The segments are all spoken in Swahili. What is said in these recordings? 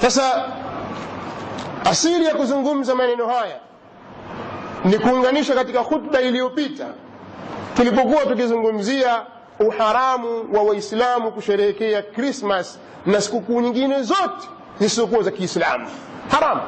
sasa asili ya kuzungumza maneno haya ni kuunganisha katika khutba iliyopita tulipokuwa tukizungumzia uharamu wa waislamu kusherehekea krismas na sikukuu nyingine zote zisizokuwa za kiislamu haramu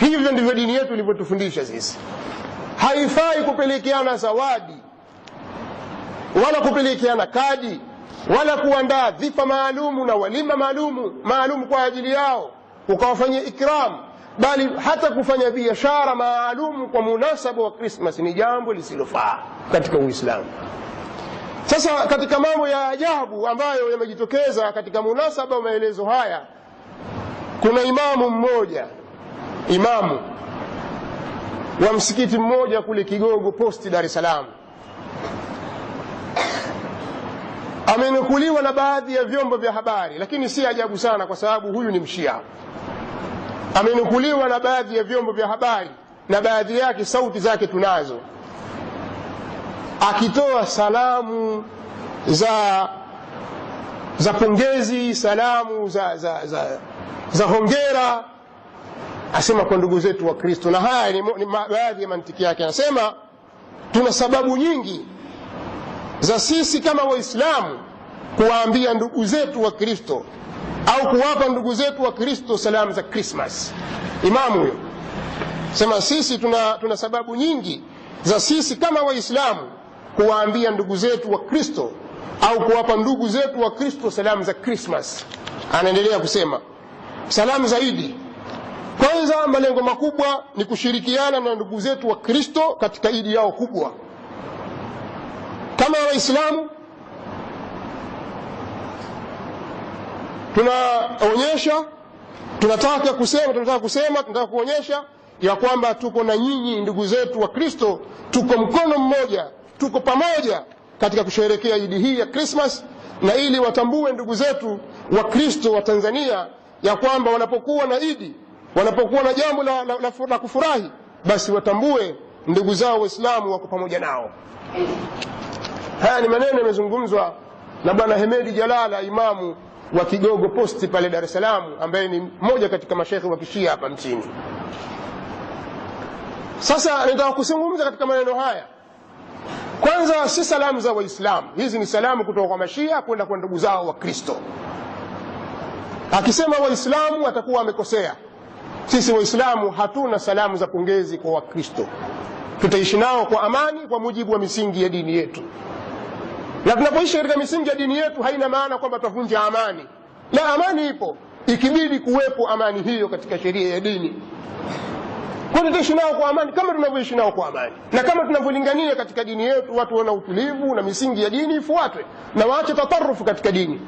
hivyo ndivyo dini yetu ilivyotufundisha sisi haifai kupelekeana zawadi wala kupelekeana kadi wala kuandaa dhifa maalumu na walima maalumu maalumu kwa ajili yao ukawafanyia ikram bali hata kufanya biashara maalumu kwa munasaba wa krismas ni jambo lisilofaa katika uislamu sasa katika mambo ya ajabu ambayo yamejitokeza katika munasaba wa maelezo haya kuna imamu mmoja imamu wa msikiti mmoja kule kigogo posti dar es amenukuliwa na baadhi ya vyombo vya habari, lakini si ajabu sana, kwa sababu huyu ni mshia. Amenukuliwa na baadhi ya vyombo vya habari na baadhi yake sauti zake tunazo, akitoa salamu za za pongezi, salamu za za, za, za hongera, asema kwa ndugu zetu wa Kristo, na haya ni, baadhi ya mantiki yake. Anasema tuna sababu nyingi za sisi kama waislamu kuwaambia ndugu zetu wa kristo au kuwapa ndugu zetu wa kristo salamu za krismas imamu huyo sema sisi tuna, tuna sababu nyingi za sisi kama waislamu kuwaambia ndugu zetu wa kristo au kuwapa ndugu zetu wa kristo salamu za krismas anaendelea kusema salamu zaidi kwanza malengo makubwa ni kushirikiana na ndugu zetu wa kristo katika idi yao kubwa kama waislamu tunaonyesha tunataka kusema tunataka kusema tunataka kuonyesha ya kwamba tuko na nyinyi ndugu zetu wa kristo tuko mkono mmoja tuko pamoja katika kusherekea idi hii ya krismas na ili watambue ndugu zetu wa kristo wa tanzania ya kwamba wanapokuwa na idi wanapokuwa na jambo la, la, la, la kufurahi basi watambue ndugu zao waislamu wako pamoja nao Haya ni maneno yamezungumzwa na bwana Hemedi Jalala, imamu wa Kigogo Posti pale Dar es Salaam, ambaye ni mmoja katika mashekhe wa kishia hapa nchini. Sasa nitaka kuzungumza katika maneno haya. Kwanza si salamu za Waislamu, hizi ni salamu kutoka kwa mashia kwenda kwa ndugu zao wa Kristo. Akisema Waislamu atakuwa amekosea. Sisi Waislamu hatuna salamu za pongezi kwa Wakristo, tutaishi nao kwa amani kwa mujibu wa misingi ya dini yetu na tunapoishi katika misingi ya dini yetu haina maana kwamba tutavunja amani na amani ipo ikibidi kuwepo amani hiyo katika sheria ya dini kwa tutaishi nao kwa amani kama tunavyoishi nao kwa amani na kama tunavyolingania katika dini yetu watu wana utulivu na misingi ya dini ifuatwe na waache tatarufu katika dini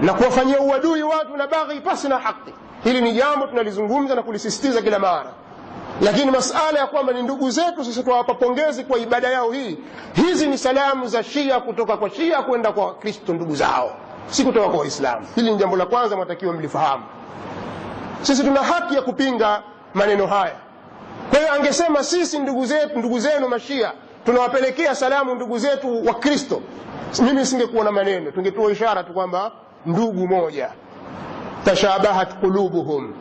na kuwafanyia uadui watu na baghi pasi na haki hili ni jambo tunalizungumza na kulisisitiza kila mara lakini masala ya kwamba ni ndugu zetu sisi tuwapa pongezi kwa ibada yao hii hizi ni salamu za shia kutoka kwa shia kwenda kwa kristo ndugu zao si kutoka kwa waislamu hili ni jambo la kwanza mwatakiwa mlifahamu sisi tuna haki ya kupinga maneno haya kwa hiyo angesema sisi ndugu zetu ndugu zenu mashia tunawapelekea salamu ndugu zetu wa kristo mimi singekuwa na maneno tungetoa ishara tu kwamba ndugu moja tashabahat kulubuhum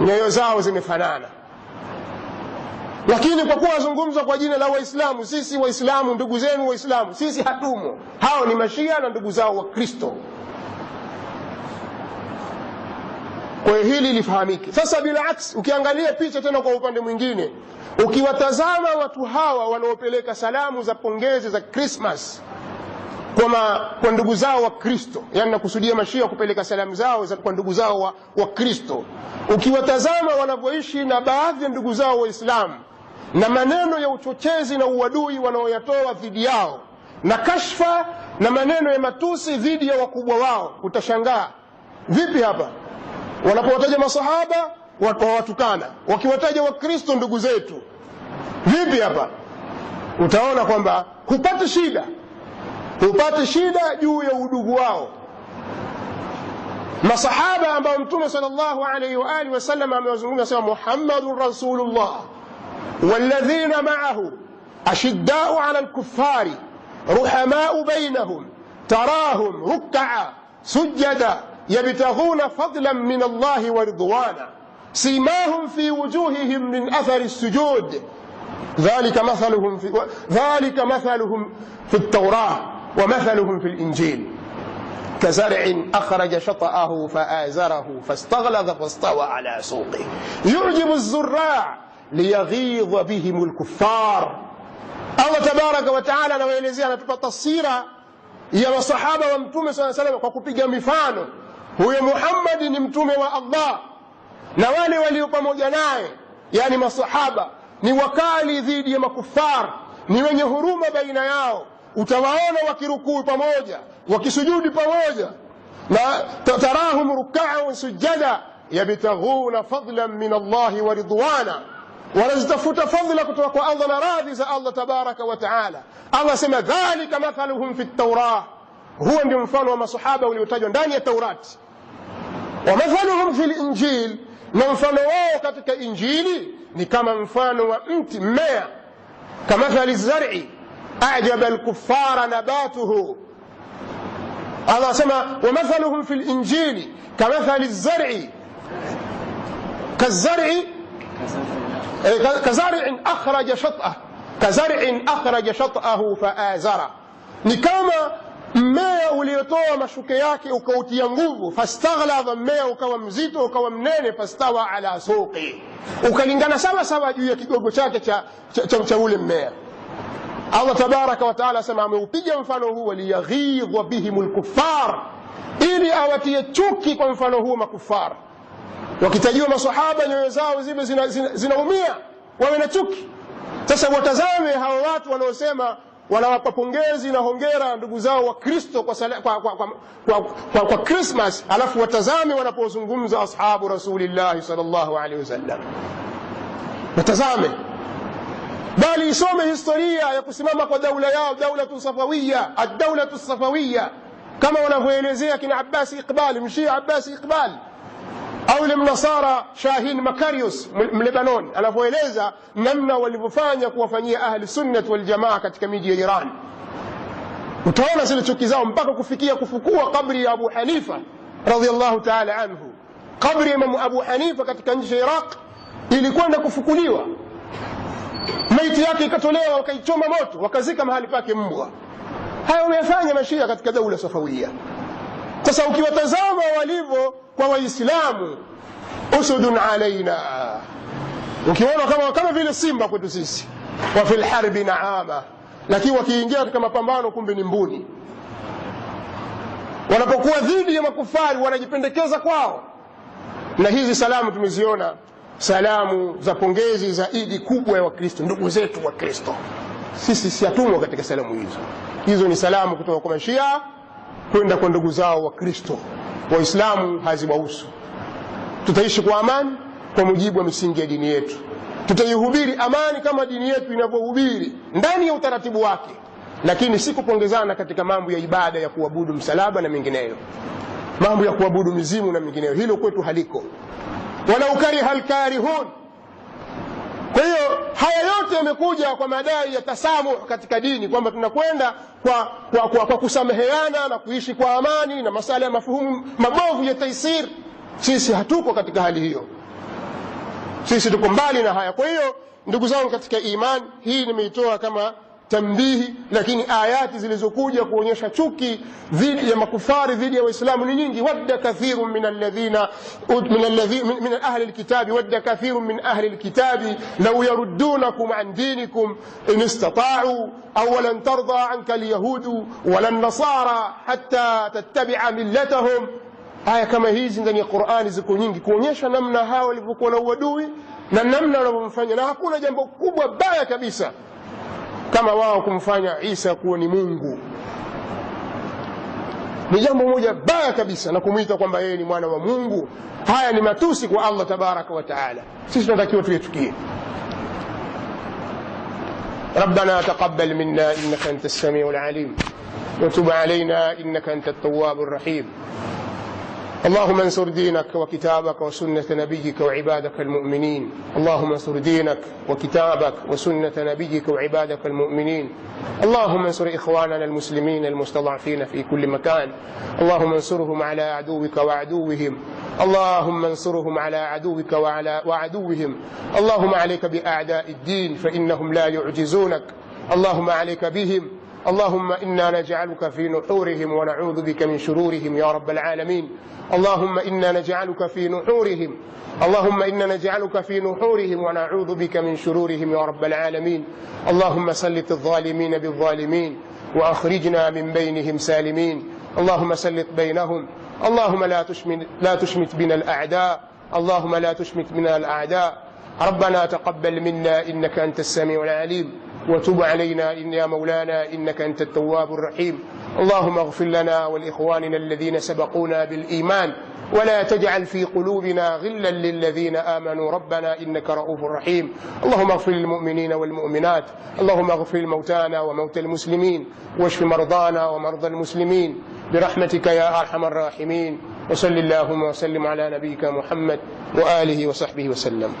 nyoyo zao zimefanana lakini kwa kuwa wazungumzwa kwa jina la waislamu sisi waislamu ndugu zenu waislamu sisi hatumo hao ni mashia na ndugu zao wakristo kwa hiyo hili lifahamike sasa bila aksi ukiangalia picha tena kwa upande mwingine ukiwatazama watu hawa wanaopeleka salamu za pongezi za krismas kwa, kwa ndugu zao wa kristo yani nakusudia mashia kupeleka salamu zao za, kwa ndugu zao wa, wa kristo ukiwatazama wanavyoishi na baadhi ya ndugu zao waislamu na maneno ya uchochezi na uadui wanaoyatoa dhidi yao na kashfa na maneno ya matusi dhidi ya wakubwa wao. Utashangaa vipi hapa wanapowataja masahaba wawatukana, wakiwataja Wakristo ndugu zetu vipi hapa? Utaona kwamba hupati shida, hupati shida juu ya udugu wao masahaba ambao Mtume sallallahu alaihi wa alihi wasallam amewazungumza, sema Muhammadun Rasulullah والذين معه أشداء على الكفار رحماء بينهم تراهم ركعا سجدا يبتغون فضلا من الله ورضوانا سيماهم في وجوههم من أثر السجود ذلك مثلهم في ذلك مثلهم في التوراة ومثلهم في الإنجيل كزرع أخرج شطأه فآزره فاستغلظ فاستوى على سوقه يعجب الزراع liyghidha bihim lkuffar allah tabaraka wataala anawaelezea anatupa taswira ya masahaba wa mtume saa salam kwa kupiga mifano huyo muhammadi ni mtume wa allah na wale walio pamoja naye yani masahaba ni wakali dhidi ya makufar ni wenye huruma baina yao utawaona wakirukuu pamoja wakisujudi pamoja na tarahum rukaan sujada yabtaghuna fadlan min allahi wa ridwana wanazitafuta fadhila kutoka kwa Allah na radhi za Allah tabaraka wa taala. Allah asema dhalika mathaluhum fi tawrah, huo ndio mfano wa masahaba uliotajwa ndani ya Taurati. Wa mathaluhum fi linjil, na mfano wao katika Injili ni kama mfano wa mti mmea, kamathali zari ajaba alkuffara nabatuhu Allah asema wamathaluhum fi linjili kamathali zari kazari كزرع أخرج شطأه كزرع أخرج شطأه فآزره ni kama mmea uliotoa mashuke yake ukautia nguvu fastaghlaba mmea ukawa mzito ukawa mnene fastawa ala suqi ukalingana sawa sawa juu ya kigogo chake cha, cha, cha, cha ule mmea allah tabaraka wataala asema ameupiga mfano huu liyaghidha bihim lkufar ili awatie chuki kwa mfano huo makufara wakitajiwa masahaba nyoyo zao zibe zinaumia zina, zina wawe sasa watazame hao watu wanaosema wanawapa pongezi na hongera ndugu zao wa kristo kwa, sale, kwa, kwa, kwa, kwa, kwa, kwa krismas alafu watazame wanapozungumza ashabu rasulillahi salllahu alehi wasallam watazame bali isome historia ya kusimama kwa daula yao daulatu safawiya addaulatu safawiya kama wanavyoelezea kina abasi iqbal mshia abasi iqbal au yule mnasara shahin makarius mlebanon anavyoeleza namna walivyofanya kuwafanyia ahli sunnat waljamaa katika miji ya iran utaona zile chuki zao mpaka kufikia kufukua kabri ya abu hanifa radiallahu taala anhu kabri ya imamu abu hanifa katika nchi ya iraq ilikwenda kufukuliwa maiti yake ikatolewa wakaichoma moto wakazika mahali pake mbwa hayo wameyafanya mashia katika daula safawia Sasa ukiwatazama walivyo kwa Waislamu, usudun alaina, ukiona kama kama vile simba kwetu sisi, wa fi lharbi naama, lakini wakiingia katika mapambano kumbe ni mbuni. Wanapokuwa dhidi ya makufari wanajipendekeza kwao, na hizi salamu tumeziona salamu za pongezi za idi kubwa ya Wakristo, ndugu zetu Wakristo. Sisi siatumwa katika salamu hizo. Hizo ni salamu kutoka kwa Mashia kwenda kwa ndugu zao Wakristo. Waislamu haziwahusu. Tutaishi kwa amani kwa mujibu wa misingi ya dini yetu, tutaihubiri amani kama dini yetu inavyohubiri ndani ya utaratibu wake, lakini si kupongezana katika mambo ya ibada ya kuabudu msalaba na mengineyo, mambo ya kuabudu mizimu na mengineyo. Hilo kwetu haliko, walau kariha alkarihun Haya yote yamekuja kwa madai ya tasamuh katika dini, kwamba tunakwenda kwa, kwa, kwa, kwa kusameheana na kuishi kwa amani na masala ya mafuhumu mabovu ya taisir. Sisi hatuko katika hali hiyo, sisi tuko mbali na haya. Kwa hiyo ndugu zangu katika iman hii nimeitoa kama tambihi lakini ayati zilizokuja kuonyesha chuki dhidi ya makufari dhidi ya waislamu ni nyingi wadda kathiru min alladhina min alladhina min ahli alkitabi wadda kathiru min ahli alkitabi law yaruddunakum an dinikum in istata'u aw lan tarda anka alyahud wa lan nasara hatta tattabi'a millatahum aya kama hizi ndani ya Qur'an ziko nyingi kuonyesha namna hao walivyokuwa na uadui na namna wanavyomfanya na hakuna jambo kubwa baya kabisa kama wao kumfanya Isa kuwa ni Mungu. Ni jambo moja baya kabisa, na kumwita kwamba yeye ni mwana wa Mungu. Haya ni matusi kwa Allah tabaraka wa taala. Sisi tunatakiwa tuyetukie ربنا تقبل منا انك انت السميع العليم وتب علينا انك انت التواب الرحيم اللهم انصر دينك وكتابك وسنة نبيك وعبادك المؤمنين اللهم انصر دينك وكتابك وسنة نبيك وعبادك المؤمنين اللهم انصر إخواننا المسلمين المستضعفين في كل مكان اللهم انصرهم على عدوك وعدوهم اللهم انصرهم على عدوك وعلى وعدوهم اللهم عليك بأعداء الدين فإنهم لا يعجزونك اللهم عليك بهم اللهم إنا نجعلك في نحورهم ونعوذ بك من شرورهم يا رب العالمين اللهم إنا نجعلك في نحورهم اللهم إنا نجعلك في نحورهم ونعوذ بك من شرورهم يا رب العالمين اللهم سلط الظالمين بالظالمين وأخرجنا من بينهم سالمين اللهم سلط بينهم اللهم لا تشمت, لا تشمت بنا الأعداء اللهم لا تشمت بنا الأعداء ربنا تقبل منا إنك أنت السميع العليم وتب علينا إن يا مولانا إنك أنت التواب الرحيم اللهم اغفر لنا ولإخواننا الذين سبقونا بالإيمان ولا تجعل في قلوبنا غلا للذين آمنوا ربنا إنك رؤوف رحيم اللهم اغفر للمؤمنين والمؤمنات اللهم اغفر موتانا وموتى المسلمين واشف مرضانا ومرضى المسلمين برحمتك يا أرحم الراحمين وصل اللهم وسلم على نبيك محمد وآله وصحبه وسلم